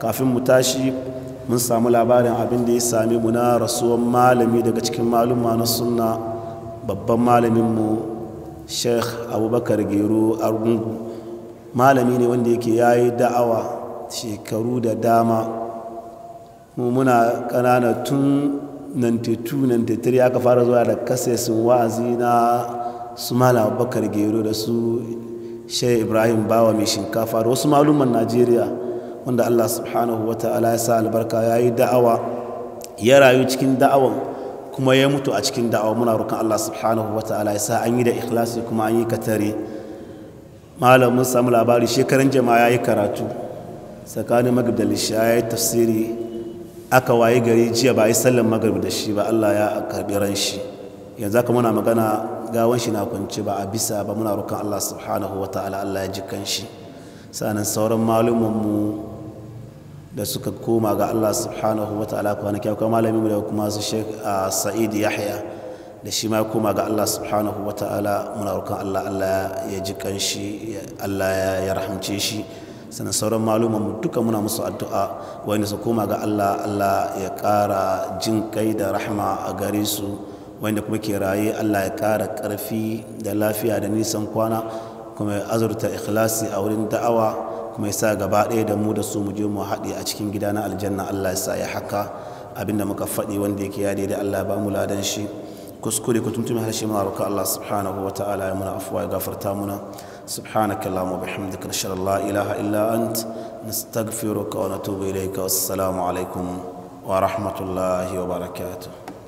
kafin mu tashi mun samu labarin abin da ya sami mu na rasuwan malami daga cikin maluma na suna babban malaminmu sheikh abubakar gero argungu malami ne wanda yake ya yi da'awa shekaru da dama mu muna ƙanana tun 92-93 aka fara zuwa da kasesin wa'azi na su malam abubakar gero da su sheikh ibrahim bawa mai shinkafa da wasu maluman najeriya wanda Allah subhanahu wa ta'ala ya sa albarka ya yi da'awa ya rayu cikin da'awan kuma ya mutu a cikin da'awa muna roƙon Allah subhanahu wa ta'ala ya sa an yi da ikhlasi kuma an yi katare malam mun samu labari shekaran jama'a ya yi karatu tsakanin magab da ya yi tafsiri aka waye gari jiya ba a yi sallan magab da shi ba Allah ya karɓi ran shi yanzu aka muna magana gawan shi na kwance ba a bisa ba muna roƙon Allah subhanahu wa ta'ala Allah ya ji kan shi sanan sauran malumanmu da suka koma ga Allah subhanahu wa ta'ala kwanaki akwai malamin da kuma su Sheikh Sa'id Yahya da shi ma koma ga Allah subhanahu wa ta'ala muna roƙon Allah Allah ya ji shi Allah ya rahamce shi sannan sauran maluman mu duka muna musu addu'a wanda su koma ga Allah Allah ya ƙara jin kai da rahama a gare su wanda kuma ke raye Allah ya ƙara ƙarfi da lafiya da nisan kwana kuma azurta ikhlasi a wurin da'awa kuma ya sa gaba ɗaya da mu da su mu je mu haɗe a cikin gida na aljanna Allah ya sa ya haka abinda muka faɗi wanda yake ya da Allah ba mu ladan shi kuskure ku tuntumi harshe mu roƙa Allah subhanahu wa ta'ala ya muna afwa ya gafarta muna subhanaka allahumma bihamdika nashhadu la ilaha illa ant nastaghfiruka wa natubu ilayka wassalamu alaikum wa rahmatullahi wa barakatuh